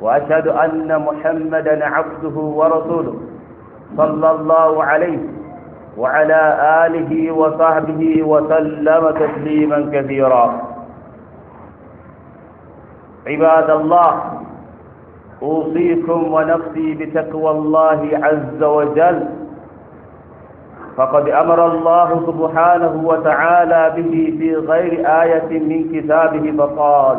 وأشهد أن محمدا عبده ورسوله صلى الله عليه وعلى آله وصحبه وسلم تسليما كثيرا عباد الله أوصيكم ونفسي بتقوى الله عز وجل فقد أمر الله سبحانه وتعالى به في غير آية من كتابه فقال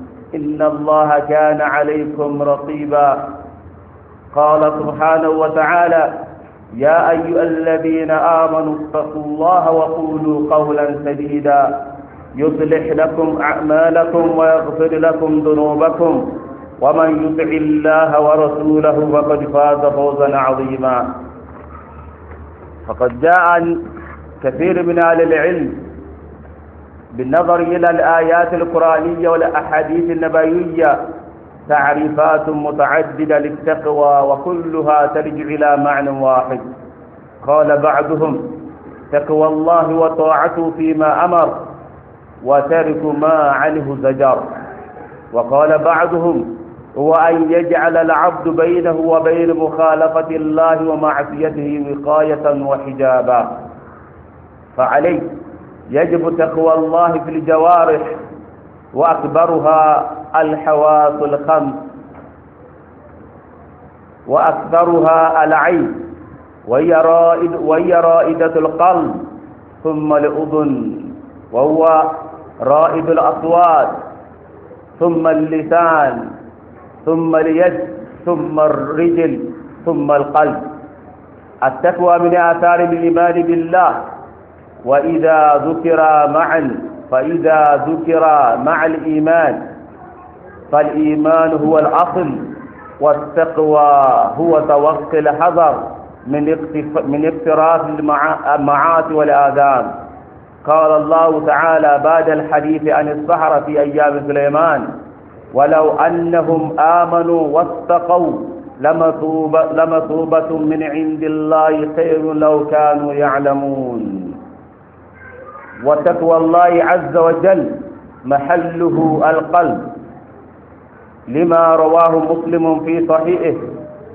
إن الله كان عليكم رقيبا قال سبحانه وتعالى يا أيها الذين آمنوا اتقوا الله وقولوا قولا سديدا يصلح لكم أعمالكم ويغفر لكم ذنوبكم ومن يطع الله ورسوله فقد فاز فوزا عظيما فقد جاء كثير من أهل العلم بالنظر إلى الآيات القرآنية والأحاديث النبوية تعريفات متعددة للتقوى وكلها ترجع إلى معنى واحد قال بعضهم تقوى الله وطاعته فيما أمر وترك ما عنه زجر وقال بعضهم هو أن يجعل العبد بينه وبين مخالفة الله ومعصيته وقاية وحجابا فعليه يجب تقوى الله في الجوارح وأكبرها الحواس الخمس وأكثرها العين وهي رائد وهي رائدة القلب ثم الأذن وهو رائد الأصوات ثم اللسان ثم اليد ثم الرجل ثم القلب التقوى من آثار الإيمان بالله وإذا ذكر معا فإذا ذكر مع الإيمان فالإيمان هو الأصل والتقوى هو توقي الحذر من من اقتراف المعات والآذان قال الله تعالى بعد الحديث عن السحرة في أيام سليمان ولو أنهم آمنوا واتقوا لمثوبة من عند الله خير لو كانوا يعلمون وتقوى الله عز وجل محله القلب لما رواه مسلم في صحيحه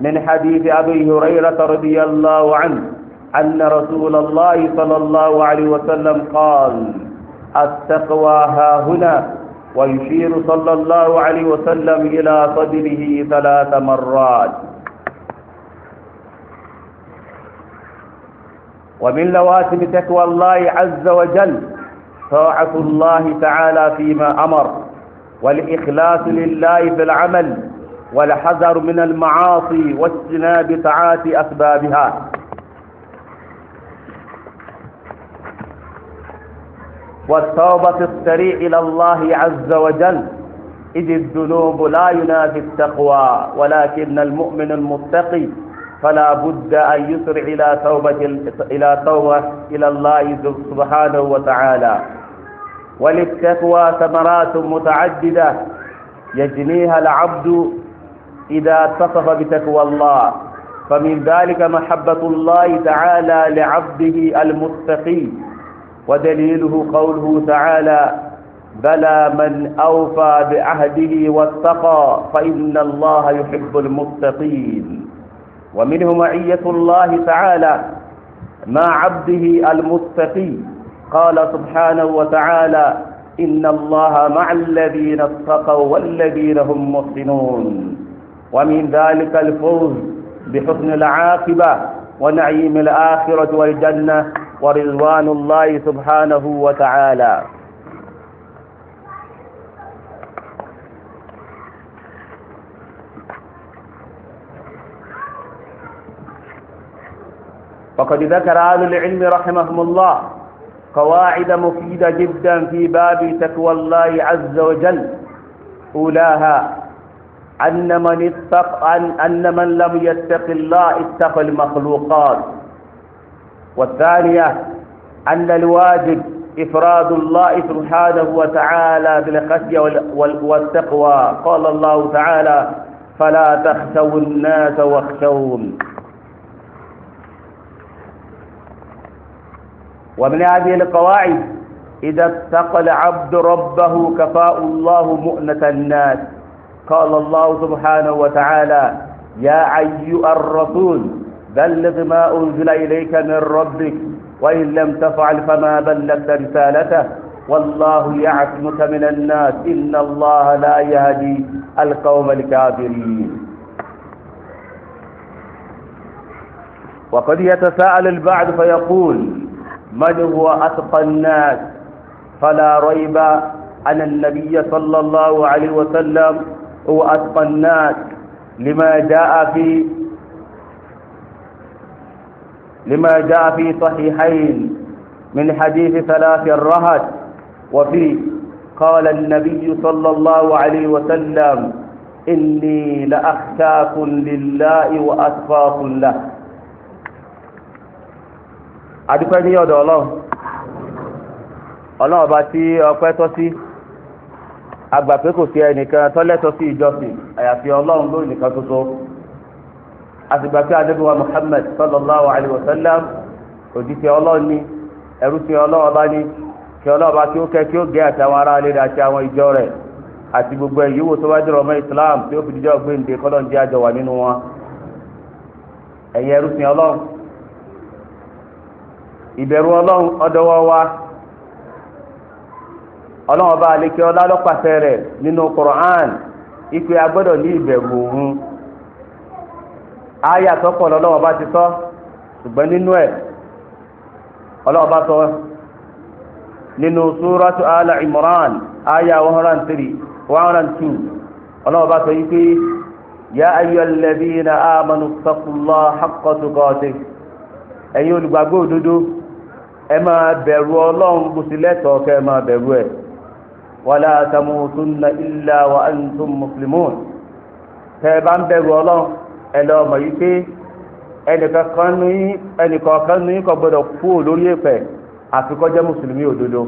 من حديث أبي هريرة رضي الله عنه أن رسول الله صلى الله عليه وسلم قال التقوى ها هنا ويشير صلى الله عليه وسلم إلى صدره ثلاث مرات ومن لوازم تقوى الله عز وجل طاعة الله تعالى فيما أمر والإخلاص لله في العمل والحذر من المعاصي واجتناب طاعة أسبابها والتوبة السريع إلى الله عز وجل إذ الذنوب لا ينافي التقوى ولكن المؤمن المتقي فلا بد أن يسرع إلى توبة إلى توبة إلى الله سبحانه وتعالى وللتقوى ثمرات متعددة يجنيها العبد إذا اتصف بتقوى الله فمن ذلك محبة الله تعالى لعبده المتقي ودليله قوله تعالى بلى من أوفى بعهده واتقى فإن الله يحب المتقين ومنه معية الله تعالى مع عبده المتقي قال سبحانه وتعالى إن الله مع الذين اتقوا والذين هم محسنون ومن ذلك الفوز بحسن العاقبة ونعيم الآخرة والجنة ورضوان الله سبحانه وتعالى وقد ذكر أهل العلم رحمهم الله قواعد مفيدة جدا في باب تقوى الله عز وجل أولاها أن من اتق أن, أن من لم يتق الله اتقى المخلوقات والثانية أن الواجب إفراد الله سبحانه وتعالى بالخشية والتقوى قال الله تعالى فلا تخشوا الناس واخشوهم ومن هذه القواعد إذا اتقل عبد ربه كفاء الله مؤنة الناس قال الله سبحانه وتعالى يا أيها الرسول بلغ ما أنزل إليك من ربك وإن لم تفعل فما بلغت رسالته والله يعصمك من الناس إن الله لا يهدي القوم الكافرين وقد يتساءل البعض فيقول من هو أتقى الناس فلا ريب أن النبي صلى الله عليه وسلم هو أتقى الناس لما جاء في لما جاء في صحيحين من حديث ثلاث الرهد وفي قال النبي صلى الله عليه وسلم إني لأخشاكم لله وأتقاكم له adúpẹ́ ní ọ̀dọ̀ ọlọ́run ọlọ́run bá tí ọpẹ́ tọ́ sí agbà pé kò sí ẹnìkan tọ́lẹ́tọ́ sí ìjọsìn àyàfi ọlọ́run lórí nìkan ṣoṣo àtìgbà pé adébíwá Muhammad sallallahu alayhi wa sallam òjíṣẹ́ ọlọ́run ní ẹrú sí ọlọ́run bá ní kí ọlọ́run bá kí ó kẹ́ kí ó gẹ́ àtàwọn ará ilé rẹ̀ àti àwọn ìjọ rẹ̀ àti gbogbo ẹ̀yìn wò tó bá dúró ọmọ Islam tí ó fi dijọ́ gbé ǹdè ìbẹ̀rù ọlọ́run ọdọwọ́ wa ọlọ́run ọba àlekè ọlá lọ́pàṣẹ rẹ̀ nínú Qur'an ìpè agbọ́dọ̀ ní ìbẹ̀rù òun àyà tọ́pọ̀ lọ́lọ́run ọba ti sọ ṣùgbọ́n nínú ẹ̀ ọlọ́run ọba sọ nínú súrọ́tù ala Imran àyà one hundred and three one hundred and two ọlọ́run ọba sọ yìí pé yá ayyul ladhina amanu ittaqullaha haqqa tuqatih ẹ̀yin olùgbàgbọ́ òdodo. ẹ máa bẹ̀rù ọlọ́run kò sí lẹ́tọ̀ọ́ ẹ máa bẹ̀rù ẹ̀ wàlá tamutunna wa antum muslimun tẹ́ ẹ bá ń bẹ̀rù ọlọ́run ẹ lọ mọ̀ yí pé ní ẹnìkankan ní kú lórí èpẹ̀ àfi mùsùlùmí òdodo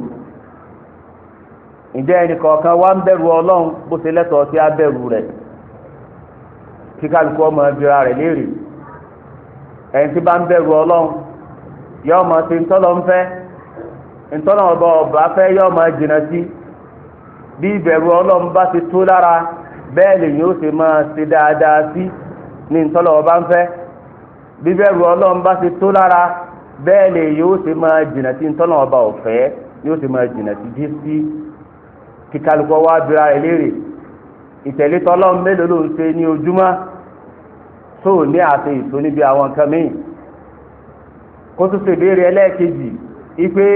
ǹjẹ́ wá ń bẹ̀rù ọlọ́run ọmọ rẹ̀ yọọ ma se ntọ́lọ́ ń ọba ọba yọọ ma jìnnà bí ìbẹ̀rù ọlọ́run bá ti tó lára bẹ́ẹ̀ lèyìn ó ṣe máa ṣe dáadáa sí ọba bí ìbẹ̀rù ọlọ́run bá ti tó lára bẹ́ẹ̀ ṣe máa jìnnà sí ọba ọ̀fẹ́ ni ṣe máa jìnnà sí dí sí kíkálukọ́ wá léèrè mélòó ló ń ṣe ní ojúmọ́ tó ní àṣe kó tó ṣe ìbéèrè ẹlẹ́ẹ̀kejì ipe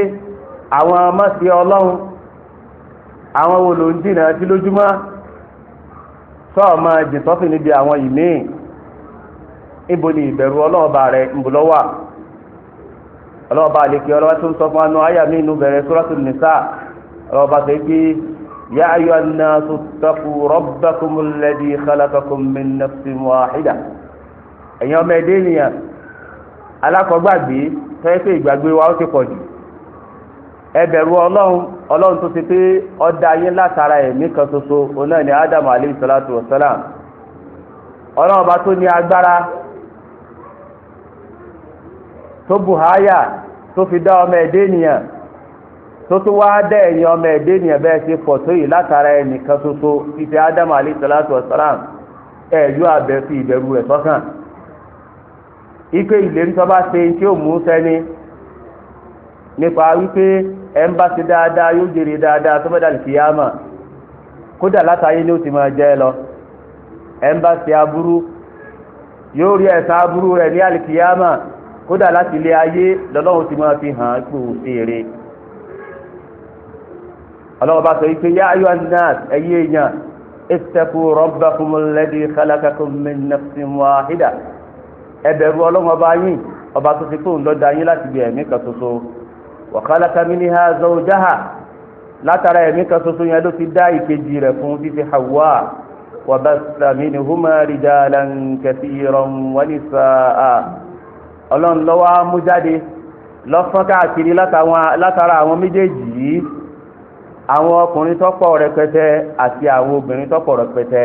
àwọn mọ́sí ọlọ́run àwọn wo ń dìnnà sí lójúmọ́ níbi àwọn ni ìbẹ̀rù ọlọ́ọ̀ba rẹ̀ ń bò lọ́wà ọlọ́ọ̀ba àlekè ọlọ́wà tó ń sọ fún anú àyà mi inú bẹ̀rẹ̀ nisa ọlọ́ọ̀ba tó gbé ya alákọ̀ọ́gbàgbé tẹ́lẹ̀ pé ìgbàgbé wa ó ti pọ̀ jù ẹ ọlọ́run ọlọ́run tó ti pé ayé látara kan ádámù ọlọ́run ọba tó ní agbára tó buhaya tó fi dá ọmọ ẹ̀dẹ́ ènìyàn tó tún wá dá ẹ̀yìn ọmọ ẹ̀dẹ́ ènìyàn bẹ́ẹ̀ ṣe pọ̀ tó yìí látara ẹ̀mí kan ṣoṣo ẹ̀yọ́ fi ìbẹ̀rù rẹ̀ ike ìlérí tó bá ṣe tí ó mú sẹ́ni nípa wípé ẹ̀ ń bá ṣe dáadáa yóò jèrè dáadáa tó bẹ́ẹ̀ dàlù kìyàmà kódà látàyè ni ó ti máa jẹ́ lọ ẹ̀ ń bá ṣe aburú yóò rí ẹ̀san aburú rẹ̀ ní àlìkìyàmà kódà láti ilé ayé lọ́lọ́run ti máa fi hàn án pé òun ṣe ọlọ́run bá sọ wípé yá ayọ́ anas ẹ̀yẹ́ èèyàn ittaqu rabbakumul ladhi khalaqakum min nafsin wahida ẹ bẹ̀rù ọlọ́run ọba yín ọba tó ti kóun lọ́dọ̀ ayé láti bí ẹ̀mí kan ṣoṣo wa khalaqa minha zawjaha látara ẹ̀mí kan ṣoṣo yẹn ló ti dá ìkejì rẹ̀ fún fífi Hawa wa bassa minhuma rijalan kathiran wa nisaa ọlọ́run ló wá lọ́fọ́n káàkiri látara àwọn méjèèjì yìí àwọn ọkùnrin tó rẹpẹtẹ àti àwọn obìnrin tó rẹpẹtẹ.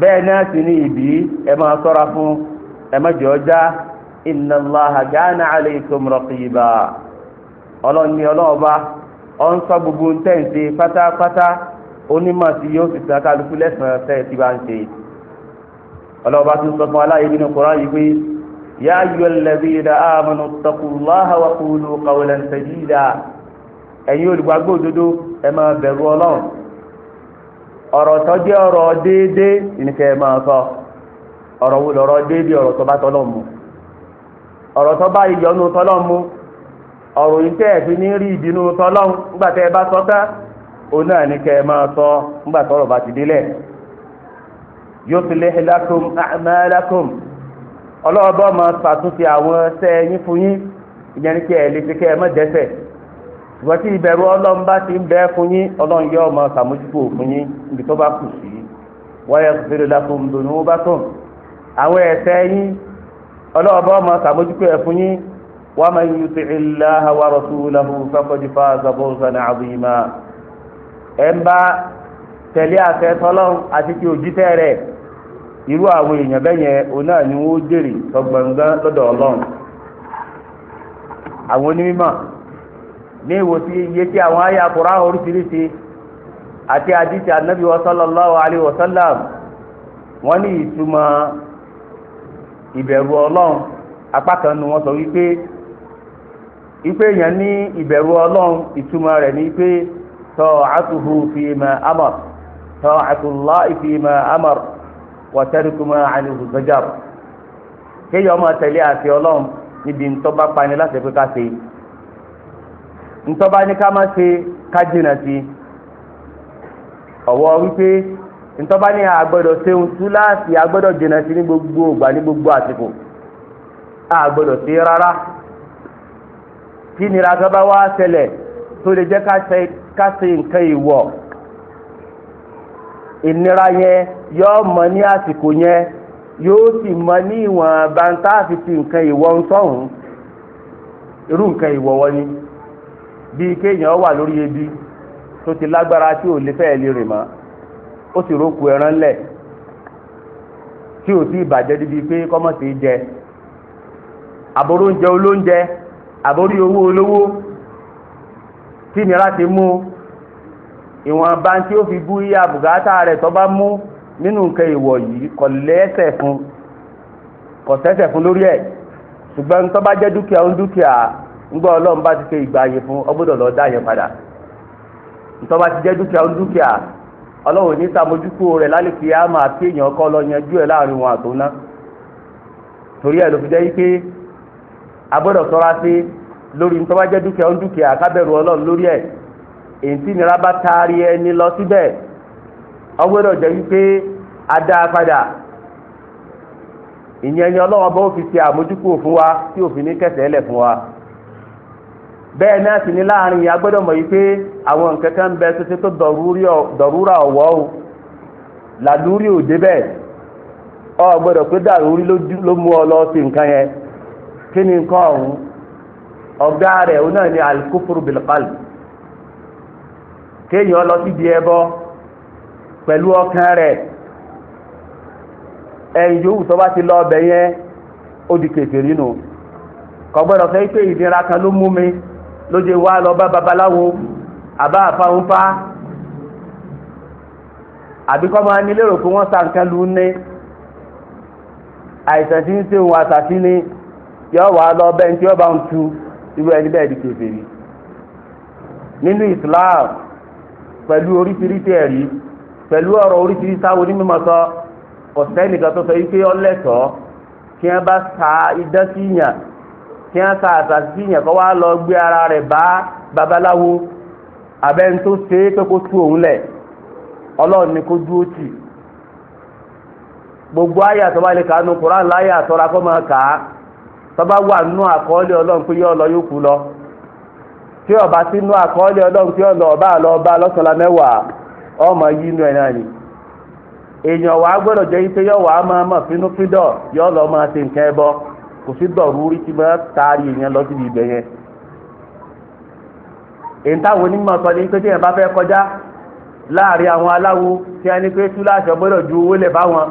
bẹ́ẹ̀ náà sì ní ìbí ẹ máa sọ́ra fún ẹ má jẹ́ ọjà inna Allaha kana alaykum raqiba ọlọ́ni ọlọ́ọ̀ba ọ̀n sọ gbogbo ntẹ̀ǹtẹ̀ pátápátá onímọ̀ sí yóò sì san kálukú lẹ́sàn-án tẹ̀ tí bá ń ṣe ọlọ́ọ̀ba tún sọ fún aláyé nínú Kùránì yìí pé yá ayọ̀ lẹ́bí ra amanu taqullaha wa qulu qawlan sadida ẹ̀yin olùgbàgbọ́ òdodo ẹ máa bẹ̀rù ọlọ́run ọ̀rọ̀ tó jẹ́ ọ̀rọ̀ déédéé ìníkẹ́ máa sọ ọ̀rọ̀ wo lọ̀rọ̀ déédéé ọ̀rọ̀ tó bá tọ́lọ̀ ọ̀rọ̀ tó bá ìyọnu ọ̀rọ̀ yìí tẹ́ ẹ̀ fi ní bá sọ tán òun máa sọ nígbà tọ́rọ̀ bá ti délẹ̀ yuslih lakum a'malakum ọlọ́ọ̀bọ máa ṣàtúnṣe àwọn yín fún yín ṣùgbọ́n bèrè ìbẹ̀rù ọlọ́run bá ti ń bẹ fún yín ọlọ́run yóò máa ṣàmójúkò fún yín níbi tó bá kù sí wáyà fèrè lákòó ńdùnú bá tàn àwọn ẹ̀ṣẹ̀ yín ọlọ́run bá ọmọ ṣàmójúkò ẹ̀ fún yín wàá máa yí ti ìlàhà ẹ̀ ń bá tẹ̀lé ní ìwòsí iye tí àwọn àyà Kùránì oríṣiríṣi àti àdìsí ànábì wa sallallahu alayhi wa sallam wọ́n ní ìtumọ̀ ìbẹ̀rù ọlọ́run apá kan nu wọ́n sọ wípé ipe èèyàn ní ìbẹ̀rù ọlọ́run ìtumọ̀ rẹ̀ ní pé ta'atuhu fi ma amar ta'atullahi fi ma amar wa tarku ma anhu zajar kéèyàn máa tẹ̀lé àṣẹ ọlọ́run níbi ntọ́ bá pani láti fi ká ṣe ntọ́ba ní ká má ṣe ká jìnà sí ọ̀wọ́ wípé ntọ́ba ní àgbọ́dọ̀ ṣeun túláàsì àgbọ́dọ̀ jìnà sí ní gbogbo ògbà ní gbogbo àsìkò àgbọ́dọ̀ ṣe rárá kí nira tó bá wá ṣẹlẹ̀ tó lè jẹ́ ká ṣe nǹkan ìwọ̀ ìnira yẹn yóò mọ ní àsìkò yẹn yóò sì mọ ní ìwọ̀n bàǹtà àfi ti nǹkan ìwọ̀ ń sọ̀hún irú nǹkan ìwọ̀ wọ́n ni. bíi kéèyàn wà lórí ebi tó ti lágbára tí ò lè fẹ́ lè rìn mọ́ ó sì rókù ẹran lẹ̀ tí ò sí ìbàjẹ́ débi pé kọ́mọ̀sì jẹ àbóró oúnjẹ olóúnjẹ owó olówó tí nira ti mú ìwọ̀n bá ó fi bú iye àbùkátà rẹ̀ tó bá mú nínú nǹkan ìwọ̀ yìí kò lẹ́sẹ̀ fún kò sẹ́sẹ̀ fún ńgbọ́ ọlọ́run bá ti ṣe ìgbà yẹn fún ọgbọ́dọ̀ lọ dá yẹn padà ti jẹ́ dúkìá dúkìá ọlọ́run ní sàmójúkú rẹ̀ lálẹ́ á máa fi èèyàn kọ́ lọ yanjú ẹ̀ láàrin wọn àtòun náà torí ẹ̀ ló fi jẹ́ yí pé agbọ́dọ̀ ṣọ́ra sí lórí ìtọ́ba jẹ́ dúkìá taari ẹni lọ síbẹ̀ ọgbọ́dọ̀ jẹ́ yí pé a dá a padà ìyẹn ni ọlọ́run bá fi ṣe àmójúkú fún wa tí òfin ní kẹsẹ̀ ẹlẹ̀ fún bẹ́ẹ̀ náà sì ni láàrin yìí a gbọ́dọ̀ mọ̀ yìí pé àwọn nǹkan kan bẹ ṣoṣo tó dọ̀rúra ọ̀wọ́ o làlúrí òde bẹ́ẹ̀ ọ gbọ́dọ̀ pé dàrúrí ló mú ọ lọ sí nǹkan yẹn kí ni nǹkan ọ̀hún ọ̀gá rẹ̀ òun ni alikufuru kéèyàn lọ síbi ẹbọ ti lọ ọbẹ̀ yẹn ó di kèfèrí nù kò fẹ́ lóde wa lọ bá babaláwo àbá àfáwúfá àbí kọ́ máa ní lérò pé wọ́n sa nǹkan lu ní àìsàn tí ń ṣe òun àṣàtì ni yọ wà lọ bẹ́ẹ̀ tí ọba ń tu irú ẹni bẹ́ẹ̀ di kèfèrí nínú Islam pẹ̀lú oríṣiríṣi ẹ̀rí pẹ̀lú ọ̀rọ̀ oríṣiríṣi táwọn onímọ̀ sọ ọ̀sẹ́ nìkan tó sọ yìí pé ọlẹ́tọ̀ọ́ kí wọ́n bá sa idán sí yàn kí á ka àtàtì yẹn kọ́ wá lọ gbé ara rẹ̀ bá babaláwo abẹ́ni tó ṣe é pé kó tú òun lẹ̀ ọlọ́run ni kó dúró tì gbogbo àyà bá lè kà koran láyà àtọ́ra kó máa kà á bá wà nínú àkọọ́lẹ̀ ọlọ́run pé lọ yóò kú ọba sí nínú ọlọ́ ọmọ inú ẹ̀ náà ni èèyàn wàá gbọ́dọ̀ jẹ́ wàá máa mọ̀ fínúfíndọ̀ kò sí dọ̀rúurí tí máa taari èèyàn lọ síbi ibẹ̀ yẹn èyí táwọn onímọ̀ sọ ní pé téèyàn bá fẹ́ kọjá láàrin àwọn aláwo tí a ní pé túláṣọ gbọ́dọ̀ ju owó lẹ̀ báwọn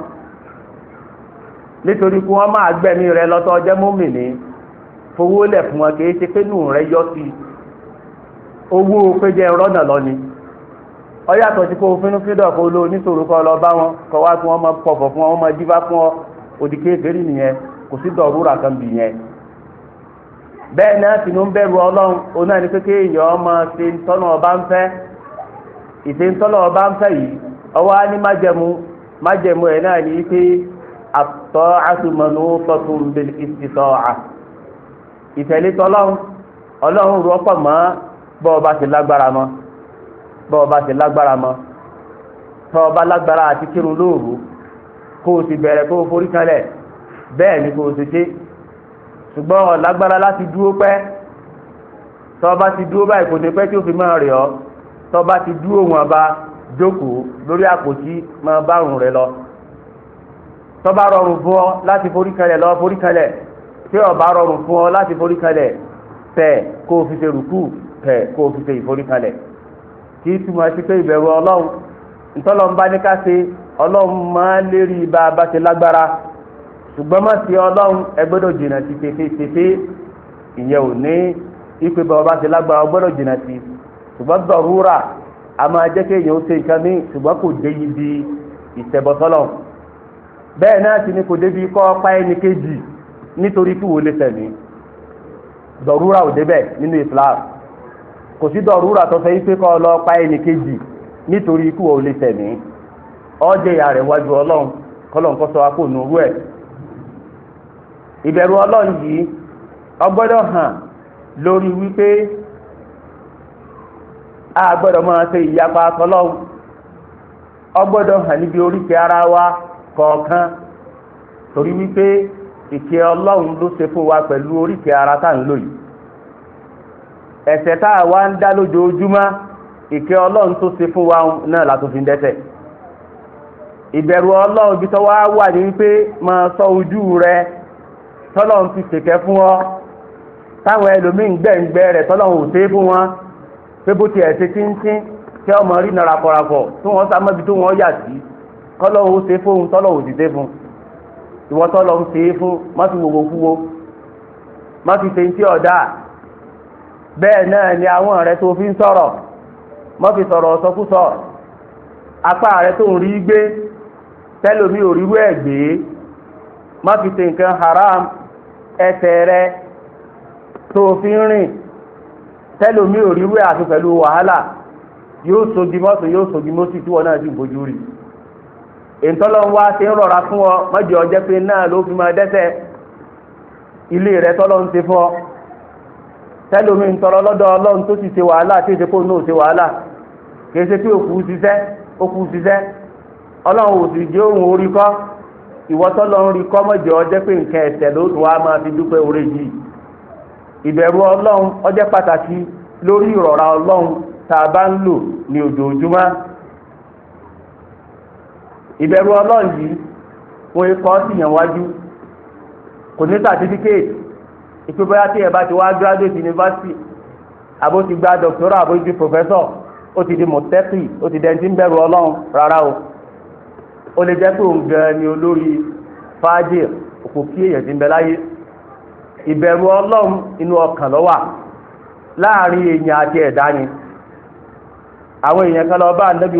nítorí kí wọ́n máa gbẹ̀mí rẹ lọ́tọ́ ọjọ́ mọ́mìnì fowó lẹ̀ fún wọn kìí ṣe pé nù rẹ yọ sí owó péjẹ rọ́nà lọ ni ó yàtọ̀ sí kó fínúfíndọ̀ kó lo oníṣòro lọ bá wọn kọ́ wá kí wọ́n máa pọ̀fọ̀ kò sí dọ̀rúra kan bì yẹn bẹ́ẹ̀ sì ń bẹ̀rù ọlọ́run oná ní pé èèyàn ọmọ ṣe ń tọ́nà ọba ń fẹ́ ìṣe ń tọ́nà ọba ń fẹ́ yìí ọwọ́ á ní májẹ̀mú májẹ̀mú ẹ̀ náà ní pé àtọ́ àtúmọ̀nù tọ́tún bẹ́ẹ̀ ìtẹ̀lé tọ́lọ́run ọlọ́run mọ́ bọ́ bẹ́ẹ̀ ni kò ṣe ṣe ṣùgbọ́n lágbára láti dúró pẹ́ tó ti dúró báyìí kò ṣe pẹ́ tí ó fi máa rẹ̀ ọ́ tó ti dúró wọn bá jókòó lórí àpótí máa ba rẹ lọ tó rọrùn fún ọ láti forí kalẹ̀ lọ forí kalẹ̀ tí ọba rọrùn fún ọ láti forí kalẹ̀ tẹ̀ kó o fi ṣe rùkú tẹ̀ kó o fi ṣe ìforí kalẹ̀ kì í túmọ̀ sí pé ìbẹ̀rù ọlọ́run ṣe ọlọ́run máa ṣùgbọ́n má ti ọlọ́run ẹ gbọ́dọ̀ ti tètè ìyẹn ò ní ipe bá ọba ti lágbára ọgbọ́dọ̀ jìnnà ti ṣùgbọ́n dọ̀rúra a máa jẹ́ kéèyàn ó ṣe nǹkan ní ṣùgbọ́n kò dé ibi ìṣẹ̀bọ̀sọ́lọ̀ bẹ́ẹ̀ kejì nítorí kí lè dọ̀rúra ò débẹ̀ nínú Islam kò sí dọ̀rúra tó kejì nítorí kí lè ọ́ jẹ́ ìyá rẹ̀ wájú ọlọ́run ìbẹ̀rù ọlọ́run yìí ọgbọ́dọ̀ hàn lórí wípé a gbọ́dọ̀ máa ṣe ìyapa tọlọ́run ọgbọ́dọ̀ hàn níbi oríkè ara wa kọ̀ọ̀kan torí wípé ìkẹ́ ọlọ́run ló ṣe fún wa pẹ̀lú oríkè ara tá à ń lò yìí ẹ̀ṣẹ̀ tá a wá ń dá lójoojúmọ́ ìkẹ́ ọlọ́run tó ṣe fún wa náà látún fi ń dẹ́ṣẹ̀ ìbẹ̀rù ọlọ́run bí tọ́wọ́ wà ní wípé máa ṣọ́ ojú rẹ tọ́lọ́run ti ṣèkẹ́ fún ọ táwọn ẹlòmíín gbẹ̀ǹgbẹ́ rẹ̀ tọ́lọ́run ò fún wọn pé bó nara tí wọ́n sá mọ́bi wọ́n yà sí kọ́lọ́run ó ṣe fóun tọ́lọ́run ò sì fún ìwọ tọ́lọ́run ṣe é fún má wòwò fúwo má ṣe ọ̀dà bẹ́ẹ̀ náà ni àwọn rẹ̀ tó fi ń sọ̀rọ̀ fi sọ̀rọ̀ ọ̀sọ́kúsọ gbé tẹ́lómi gbé má fi ẹsẹ̀ rẹ tó fi ń rìn tẹ́lómi àti pẹ̀lú wàhálà yóò sogi mọ́tò yóò sogi mọ́tì tí wọ́n náà sì bójú rí wá ń rọra fún ọ mọ́jọ ọjẹ́ pé náà ló fi máa dẹ́sẹ̀ ilé rẹ ti tẹ́lómi ń tọrọ lọ́dọ̀ ọlọ́run tó ṣe wàhálà tí kó náà ṣe wàhálà kì í ṣe ìwọ́tọ́ lọ ń rí kọ́mọ̀jẹ́ ọjẹ́ pé nǹkan ẹ̀sẹ̀ ló tún wá máa fi dúpẹ́ oore yìí ìbẹ̀rù ọlọ́run ọjẹ́ pàtàkì lórí ìrọ̀ra ọlọ́run tá a bá ń lò ní ojoojúmọ́ ìbẹ̀rù ọlọ́run yìí wọ́n kọ́ síyàn wájú kò ní certificate ìpínpẹ́yà tí ẹ̀ bá ti wá graduate university àbó ti gba doctoral àbó ti di professor ó ti di mọ̀tẹ́kì ó ti dẹ́ntì ń bẹ̀rù ọlọ́run rárá o ó lè jẹ́ pé òun gan ni olórí fáájì òkú kí èèyàn ti ń bẹ láyé ìbẹ̀rù ọlọ́run inú ọkàn ló láàrin èèyàn àti ẹ̀dá ni àwọn èèyàn kan lọ bá ànábì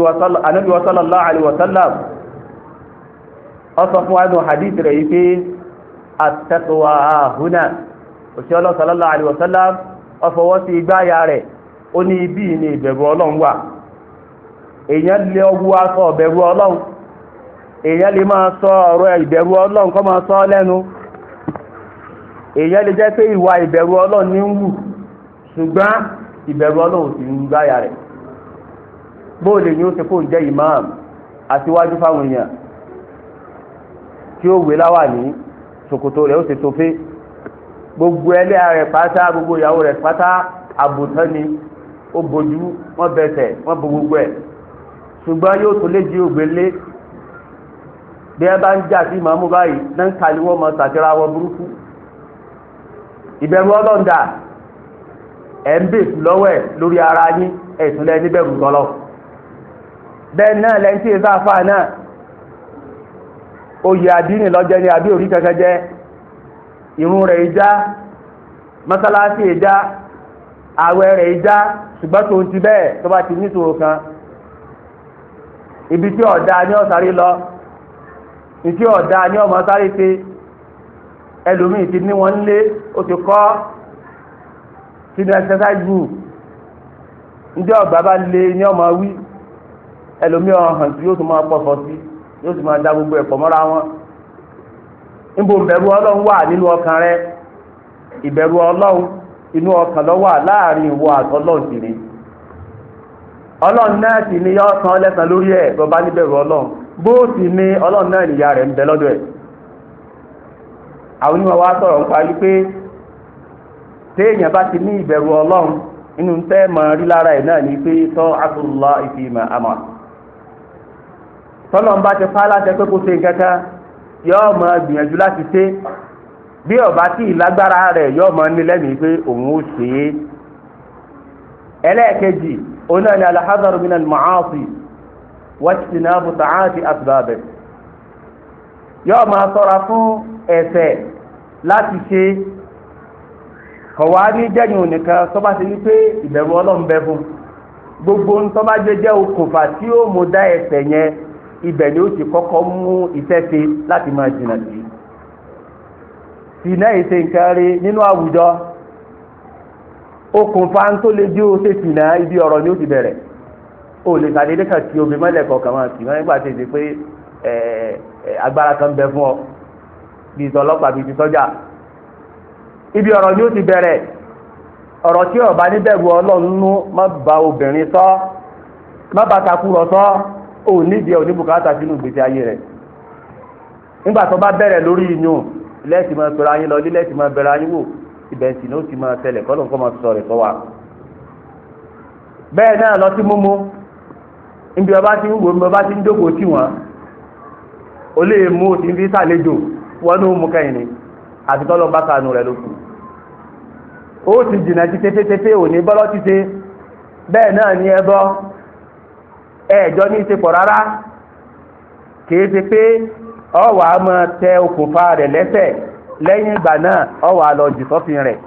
wa sallallahu alaihi wa sallam ó fún wa hadith rẹ̀ yìí pé at-taqwa huna òṣìṣẹ́ ọlọ́run sallallahu alaihi wa sallam ó sí igbáyà rẹ̀ ó ní ibí ni ìbẹ̀rù ọlọ́run wà èèyàn lé ọwọ́ aṣọ ìbẹ̀rù ọlọ́run èèyàn lè máa sọ ọ̀rọ̀ ìbẹ̀rù ọlọ́run kọ́ máa sọ ọ́ lẹ́nu èèyàn lè jẹ́ pé ìwà ìbẹ̀rù ọlọ́run ní ń wù ṣùgbọ́n ìbẹ̀rù ọlọ́run sì ń gbáyà rẹ̀ bóò lè ní ó ṣe kó ń jẹ́ imam aṣíwájú fáwọn èèyàn tí ó wé láwà ní ṣòkòtò rẹ̀ ó ṣe tó pé gbogbo ẹlẹ́yà rẹ̀ pátá gbogbo ìyàwó rẹ̀ pátá àbùtán ni ó bojú wọ́n bẹ̀sẹ̀ wọ́n bo gbogbo ẹ̀ ṣùgbọ́n yóò tó lé jí ògbélé bí ẹ bá ń jà sí màmú báyìí náà ń kàlí wọn mọ sàkírà wọn burúkú ìbẹ̀rù ọlọ́ǹda ẹ̀ ń lọ́wọ́ ẹ̀ lórí ara yín ẹ̀sùn lẹ́ níbẹ̀rù tọ́lọ̀ bẹ́ẹ̀ náà lẹ́yìn tí èso àfa náà oyè àdínì lọ́jẹ́ ní àbí orí kankan jẹ́ ìrun rẹ̀ ìjà mọ́sálásí ìjà àwẹ̀ rẹ̀ ìjà ṣùgbọ́n tó ń ti bẹ́ẹ̀ tó bá ni lọ ìdí ọ̀dà ni ọmọ sáré ṣe ẹlòmíì ti ní o ti kọ́ sínú exercise group ndé ọgbà bá lé ní ọmọ wí ẹlòmíì ọ̀hàn tí yóò tún máa sí da gbogbo ẹ̀pọ̀ mọ́ra wọn níbo ìbẹ̀rù ọlọ́run wà nínú ọkàn rẹ ìbẹ̀rù ọlọ́run inú ọkàn wà láàrin ìwọ àtọ́lọ́run sì ni ọlọ́run náà sì ni yọ san lórí bóòsì ni ọlọ́run náà nìyá rẹ̀ ń bẹ lọ́dọ̀ ẹ̀ àwọn onímọ̀ wa sọ̀rọ̀ nípa wípé téèyàn bá ti ní ìbẹ̀rù ọlọ́run inú tẹ́ mọ̀ rí lára ẹ̀ náà ni pé tọ́ tọ́lọ́n bá ti pa láti kó ṣe nǹkan kan gbìyànjú láti ṣe bí ọba tí ìlágbára rẹ̀ ní wajtinabu ta'ati asbabih yóò máa sọ́ra fún ẹ̀ṣẹ̀ láti ṣe kọ̀wá ní jẹ́yìn nìkan tó bá ti ní pé ìbẹ̀rù ọlọ́run bẹ fún gbogbo ń tó bá jẹ́ jẹ́ okùnfà tí ó mú dá ẹ̀ṣẹ̀ yẹn ibẹ̀ ni ó ti kọ́kọ́ mú ìtẹ́sẹ̀ láti máa jìnnà sí i ìṣe nǹkan rí nínú àwùjọ okùnfà tó lè dí o ṣe sì ibi ọ̀rọ̀ ni ó ti bẹ̀rẹ̀ o lè sàdédé kan ti omi mọ́lẹ̀ kọ̀ọ̀kan máa tì wọ́n nígbà tí èdè pé agbára kan bẹ fún ọ bíi tọlọ́pàá bíi ti sọ́jà ibi ọ̀rọ̀ ni ó ti bẹ̀rẹ̀ ọ̀rọ̀ tí ọba níbẹ̀rù ọlọ́run nú má ba obìnrin sọ má ba takurọ̀ sọ ò nídìí ẹ̀ oníbùkátà sínú ìgbésí ayé rẹ̀ nígbà tó bá bẹ̀rẹ̀ lórí iyùn lẹ́ẹ̀tì máa pẹ̀rẹ̀ ayé lọ lílẹ́ẹ̀tì máa bẹ̀rẹ̀ ayé wò ibẹ̀ sì ni ó ti máa tẹlẹ̀ kọ́ lóun kọ́ máa sọ rẹ̀ sọ wa bẹ́ẹ̀ náà lọ sí múmu níbi ọba tí ń wò ní ọba tí ń dógò tì wọ́n ó lè mú òtí fi sàlejò wọ́n ní mú kẹ́yìn ni àti tọ́lọ́ bá sànù rẹ̀ lókun ó ti jìnnà ti tẹ́tẹ́tẹ́tẹ́ òní bọ́lọ́ ti tẹ́ bẹ́ẹ̀ náà ní ẹbọ ẹ̀ẹ́jọ́ ní í rárá kìí ṣe pé ọwọ́ a máa tẹ okùnfà rẹ̀ lẹ́sẹ̀ lẹ́yìn ìgbà náà ọwọ́ a lọ jù sọ́fin rẹ̀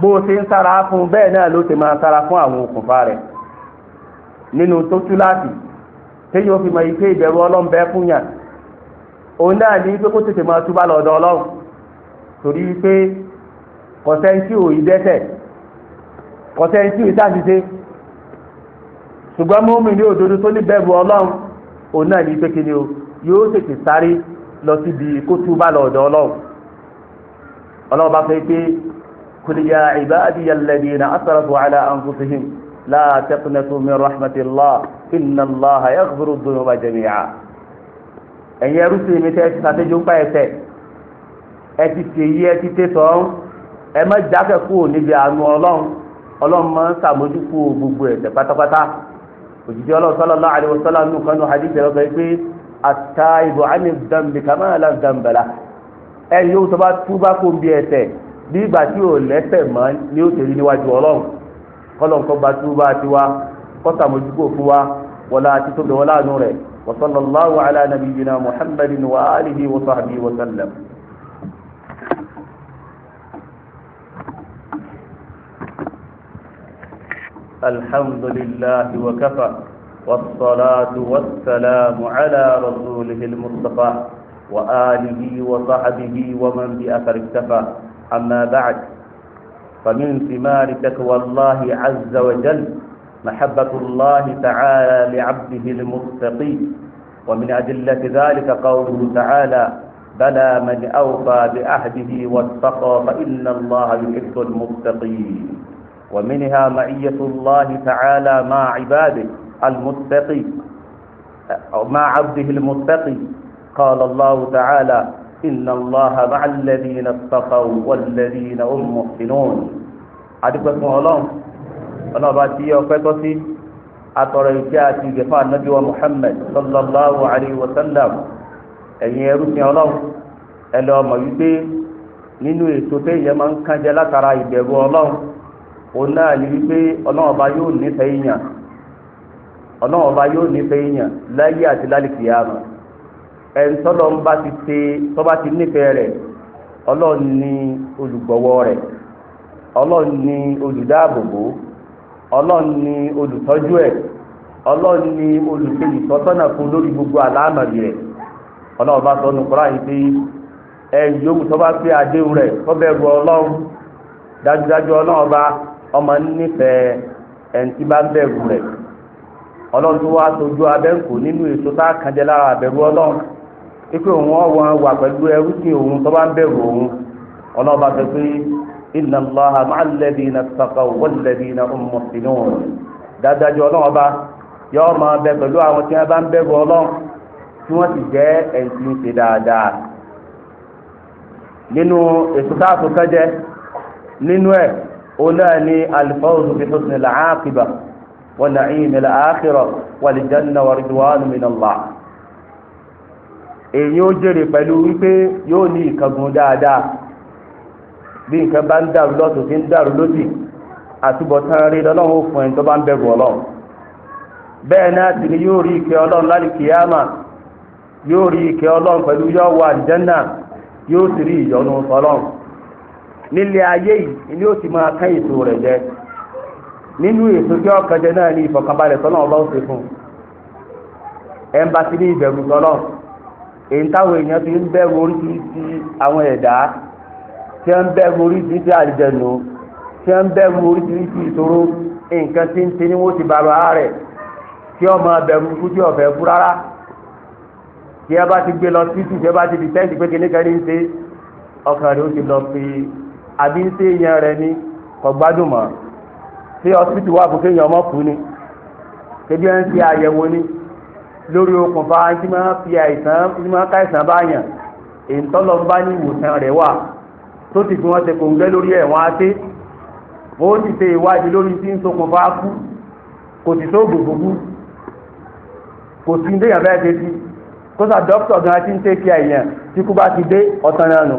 bó o ṣe ń sára fún bẹ́ẹ̀ náà ló ṣe máa sára fún àwọn okùnfà rẹ̀ nínú tó tú láti téyìn fi mọ̀ ike ìbẹ̀rù ọlọ́run bẹ́ẹ̀ fún yàn òun náà ní pé kó tètè máa túbà lọ́dọ̀ ọlọ́run torí pé kọ̀sẹ́ńtì ò yí dẹ́ṣẹ̀ kọ̀sẹ́ńtì ò yí sáṣìṣe ṣùgbọ́n mọ́mí ní òdodo tó ní bẹ̀rù ọlọ́run òun náà ní pé kí ni o yóò tètè sáré lọ síbi kó túbà lọ́dọ̀ ọlọ́run ọlọ́run bá fẹ́ pé kùdìyà ìbáàdìyà alladhina asrafu ala anfusihim. لا تقنطوا من رحمة الله إن الله يغفر الذنوب جميعا ẹ̀yin ẹrú sí mi tẹ́ ẹ ti ṣàtẹ́jú ń pa ẹsẹ̀ ẹ ti ṣèyí ẹ ti tẹ̀sọ̀ ọ́n ẹ má jákè kúrò níbi àánú ọlọ́run ọlọ́run máa ń ṣàmójúkú gbogbo ẹ̀ṣẹ̀ pátápátá òjijì ọlọ́run sallallahu alaihi wasallam nù kan nù hadith ẹ̀rọ bẹ́ẹ̀ pé at-taibu ani dhanbi kama la dhanba lah ẹ yóò tó bá túbá kó ń bí ẹ̀ṣẹ̀ bí ìgbà tí ò lẹ́ṣẹ̀ mọ́ ni ó tẹ̀lé níwájú ọlọ́run kọ́lọ́n kọ́ gba túbà tiwa mo ṣàmójúkò fún wa wọlá títóbi wọlá nu rẹ̀ wa sallallahu ala jina muhammadin wa alihi wa sahbihi wa sallam. الحمد لله وكفى والصلاة والسلام على رسوله المصطفى وآله وصحبه ومن بأثر اكتفى أما بعد فمن ثمار تقوى الله عز وجل محبة الله تعالى لعبده المتقي ومن أدلة ذلك قوله تعالى بلى من أوفى بعهده واتقى فإن الله يحب المتقين ومنها معية الله تعالى مع عباده المتقي مع عبده المتقي قال الله تعالى إن الله مع الذين اتقوا والذين هم محسنون adúpẹ́ fún ọlọ́run ọlọ́ba tí ọpẹ́ tọ́ sí atọ̀rọ̀ ìjẹ́ àti ìgbẹ̀fà nàbí wa muhammed sallallahu alayhi wa sallam ẹ̀yin ẹrú fi ọlọ́run ẹ lọ mọ̀ wípé nínú ètò téèyàn máa ń kánjẹ látara ìbẹ̀rù ọlọ́run òun náà ní wípé ọlọ́run ọba yóò nífẹ̀ẹ́ yàn ọlọ́run ọba yóò nífẹ̀ẹ́ yàn láyé àti lálìkìyàmọ̀ ẹ̀ńtọ́lọ́ ń bá ti ṣe tọ́ba ti nífẹ̀ẹ́ rẹ̀ ọlọ́run ni olùgbọ́wọ́ rẹ̀ ọlọ́run ni olùdáàbòbò ọlọ́run ni olùtọ́jú ẹ̀ ọlọ́run ni olùkejì fún lórí gbogbo àlámàbí rẹ̀ ọlọ́run bá sọnù kúrò àyè pé ẹ̀yìn tọ́ba àdéhùn rẹ̀ ipe òun ọwọ́ wà pẹ̀lú ẹrú sí òun tó bá ń bẹ̀rù òun ọlọ́ba sọ pé inna Allaha ma'al ladhina ttaqaw wal ladhina hum muhsinun dáadájú ọlọ́ọ̀ba yọ máa bẹ pẹ̀lú àwọn tí wọ́n bá ń bẹ̀rù ọlọ́ọ̀ tí wọ́n sì jẹ́ ẹ̀ǹtí ń dáadáa nínú ètò táàtò kẹjẹ nínú ẹ̀ òun náà ni al-fawzu bi husnil 'aqibah wa na'imil akhirah wal janna wa ridwanun èyí ó jèrè pẹ̀lú wípé yóò ní ìkángun dáadáa bí nǹkan bá ń dàrú lọ́tún tí ń dàrú lódì àtúbọ̀tán rí lọ́lọ́run ó fún ẹni tó bá ń bẹ̀rù ọlọ́run bẹ́ẹ̀ náà sì ni yóò rí ike ọlọ́run láti kìyàmà yóò rí ike ọlọ́run pẹ̀lú yóò wà àlìjẹ́nà yóò sì rí ìyọnu ọlọ́run nílé ayé yìí ni ó ti máa kán ètò rẹ̀ jẹ nínú ètò tí ọkàn jẹ náà ní ìfọ̀kànbalẹ̀ tọ́lọ́run ọlọ́run ṣe fún ẹ̀ ń bá ní ìbẹ̀rù tọ́lọ́run èyí táwọn èèyàn fi ń bẹ̀rù oríṣiríṣi àwọn ẹ̀dá tí wọ́n ń bẹ̀rù oríṣiríṣi àlìjẹ̀nù tí wọ́n ń bẹ̀rù oríṣiríṣi ìṣòro nǹkan tí ń ti ní wọ́n ti bàrọ̀ ara rẹ̀ tí wọ́n máa bẹ̀rù kú tí ọ̀fẹ́ kú rárá tí ẹ bá ti gbé lọ títù tí ẹ bá ti di tẹ́sí pé kíní kan ní ń ṣe ọkàn rẹ̀ ó ti lọ fi àbí ń ṣe èèyàn rẹ̀ ní kò mọ́ tí ọsibítù wà fún kéèyàn ọmọ kú ni ṣé bí ń ṣe àyẹ̀wò ni lórí okùnfà tí máa fi àìsàn tí máa ká àìsàn báyàn èyí tọ́lọ ń bá ní ìwòsàn rẹ̀ wà tó ti fi wọ́n ṣe kòǹgẹ́ lórí ẹ̀ wọ́n á ṣe ó sì ṣe ìwádìí lórí tí ń ṣokùnfà kú kò sì tó gbogbogbò kò sí ndé yàn bẹ́ẹ̀ ṣe sí kó sà dókítà gan ti ń ṣe kí àyàn tí kú bá ti dé ọ̀tàn náà nù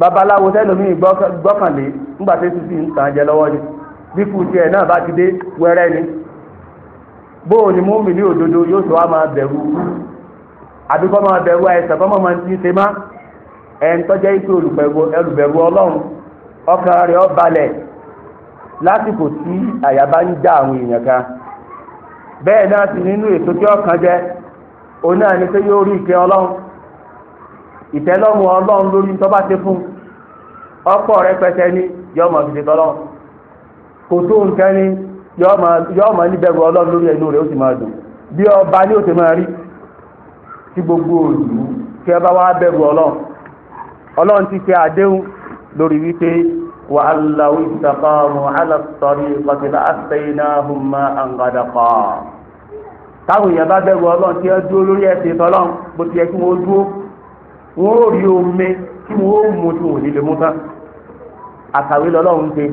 babaláwo sẹ́lòmíì gbọ́kànlé ńgbà tó ti sì ń tàn jẹ lọ́wọ́ ni bí kú tiẹ̀ náà bá ti dé wẹ́rẹ́ ni. bóò ni mú mi ní òdodo yóò wá máa bẹ̀rù àbí kọ́ máa bẹ̀rù àìsàn kọ́ máa ti ṣe má olùbẹ̀rù ọlọ́run ọkàn rẹ̀ balẹ̀ lásìkò tí àyà bá ń já àwọn èèyàn kan bẹ́ẹ̀ náà sì nínú ètò tí ọkàn jẹ́ òun náà ni pé yóò rí ìkẹ́ ọlọ́run ìtẹ́lọ́run ọlọ́run lórí bá ṣe fún ní fìdí kò yọ́ọ́ máa níbẹ̀rù ọlọ́run lórí ẹnu rẹ̀ ó sì máa dùn bí ọba ní òsè máa rí tí gbogbo òdù kí ọba wá bẹ̀rù ọlọ́run ọlọ́run ti ṣe àdéhùn lórí wípé wà á lọ ìṣàkọọ̀mù alásọ̀rí ìpàtìlá àṣẹyìnà ahùnmá àǹgàdàkọ̀. táwọn èèyàn bá bẹ̀rù ọlọ́run tí wọ́n dúró lórí ẹ̀sìn tọ́lọ́run bó ti yẹ kí wọ́n dúró wọ́n rí omi kí wọ́n ó tí wọ́n ní lè mú tán àkàwé lọ́lọ́run ṣe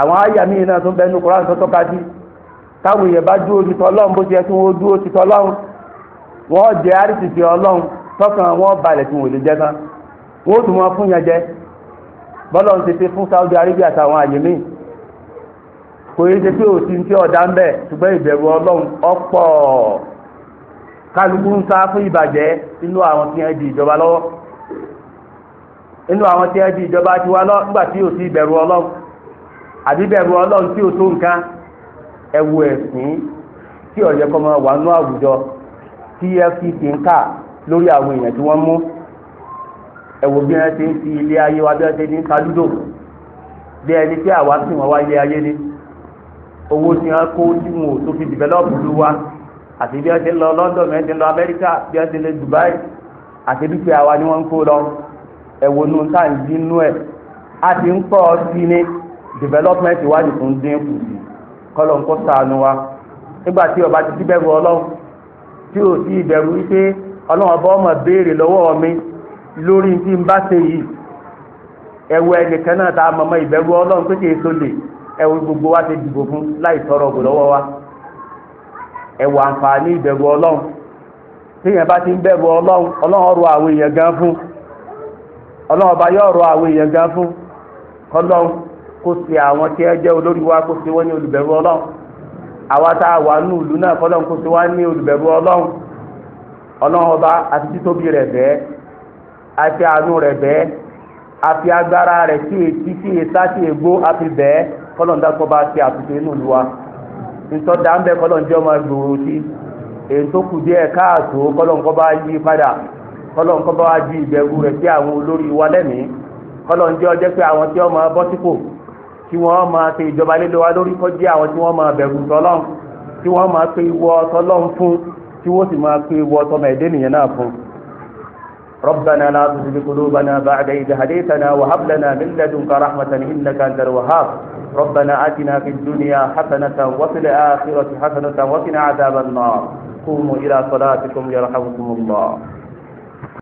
àwọn àyà míì náà tún bẹnu koran tó tọ́ka sí táwọn èèyàn bá dúró ti tọ́lọ́run bó ti yẹ kí wọ́n dúró ti tọ́lọ́run wọ́n jẹ́ àrísìsì tọ́kàn wọ́n balẹ̀ tí wọ́n lè wọn fún yẹn jẹ bọ́lọ̀ ti fún Saudi Arabia àtàwọn àyè míì kò yẹ pé ń tí ń bẹ̀ ṣùgbọ́n ìbẹ̀rù ọ̀pọ̀ kálukú ń di ìjọba lọ́wọ́ inú àwọn tí di ìjọba lọ nígbà tí ìbẹ̀rù àbí bẹ̀rù ọlọ́run tí o tó nǹkan ẹ̀wù ẹ̀sìn tí ọ̀yẹ́ kọ́ máa wà nú àwùjọ tí ẹ fi ti ń kà lórí àwọn èèyàn tí wọ́n mú ẹ̀wù bí wọ́n ti ń fi ilé ayé wa bí wọ́n ti ń kalúdò bí ẹni tí àwa sì wọ́n wá ilé ayé ni owó tí wọ́n kó tí wọn ò tó fi dìbẹ́lọ́pù lu wa àti bí wọ́n ti ń lọ London bí wọ́n ti ń lọ Amẹ́ríkà bí wọ́n ti ń lọ Dubai àti dúkìá wa ni wọ́n ń kó lọ ẹ̀wù nù táà ń dín nú ẹ̀ a ń pọ̀ sí ni. development ìwádìí tó ń dín kù sí kọ́lọ̀ sànù wa nígbà ọba ti bẹ̀rù ọlọ́run tí ò sí ìbẹ̀rù wípé ọlọ́run ọmọ béèrè lọ́wọ́ mi lórí tí n yìí ẹnìkan náà tá mọ̀mọ́ ìbẹ̀rù ọlọ́run pé kì í gbogbo wa ti dìbò fún láì tọrọ ògùn lọ́wọ́ wa àǹfààní ìbẹ̀rù ọlọ́run bá ti kó àwọn tí ẹ jẹ́ olórí wa kó wọ́n ní olùbẹ̀rù ọlọ́run àwa tá a wà nù ìlú náà wá ní olùbẹ̀rù ọlọ́run ọlọ́run ọba àti títóbi rẹ̀ bẹ́ẹ̀ àti àánú rẹ̀ bẹ́ẹ̀ àfi agbára rẹ̀ sí etí sí etá sí wa ń jẹ́ ọmọ gbòòrò sí èyí tó kù díẹ̀ káàtó kọ́ bá yí padà kọ́ bá wá tí wọ́n máa ṣe ìjọba lé lọ́wọ́ lórí kọ́ jẹ́ àwọn tí wọ́n máa bẹ̀rù tọ́lọ́hún tí wọ́n máa pe ìwọ tọ́lọ́hún fún tí wọ́n sì máa pe ìwọ tọmọ ẹ̀dẹ́ nìyẹn náà fún. ربنا لا تزغ قلوبنا بعد إذ هديتنا وهب لنا من لدنك رحمة إنك أنت الوهاب ربنا آتنا في الدنيا حسنة وفي الآخرة حسنة وقنا عذاب النار قوموا إلى صلاتكم يرحمكم الله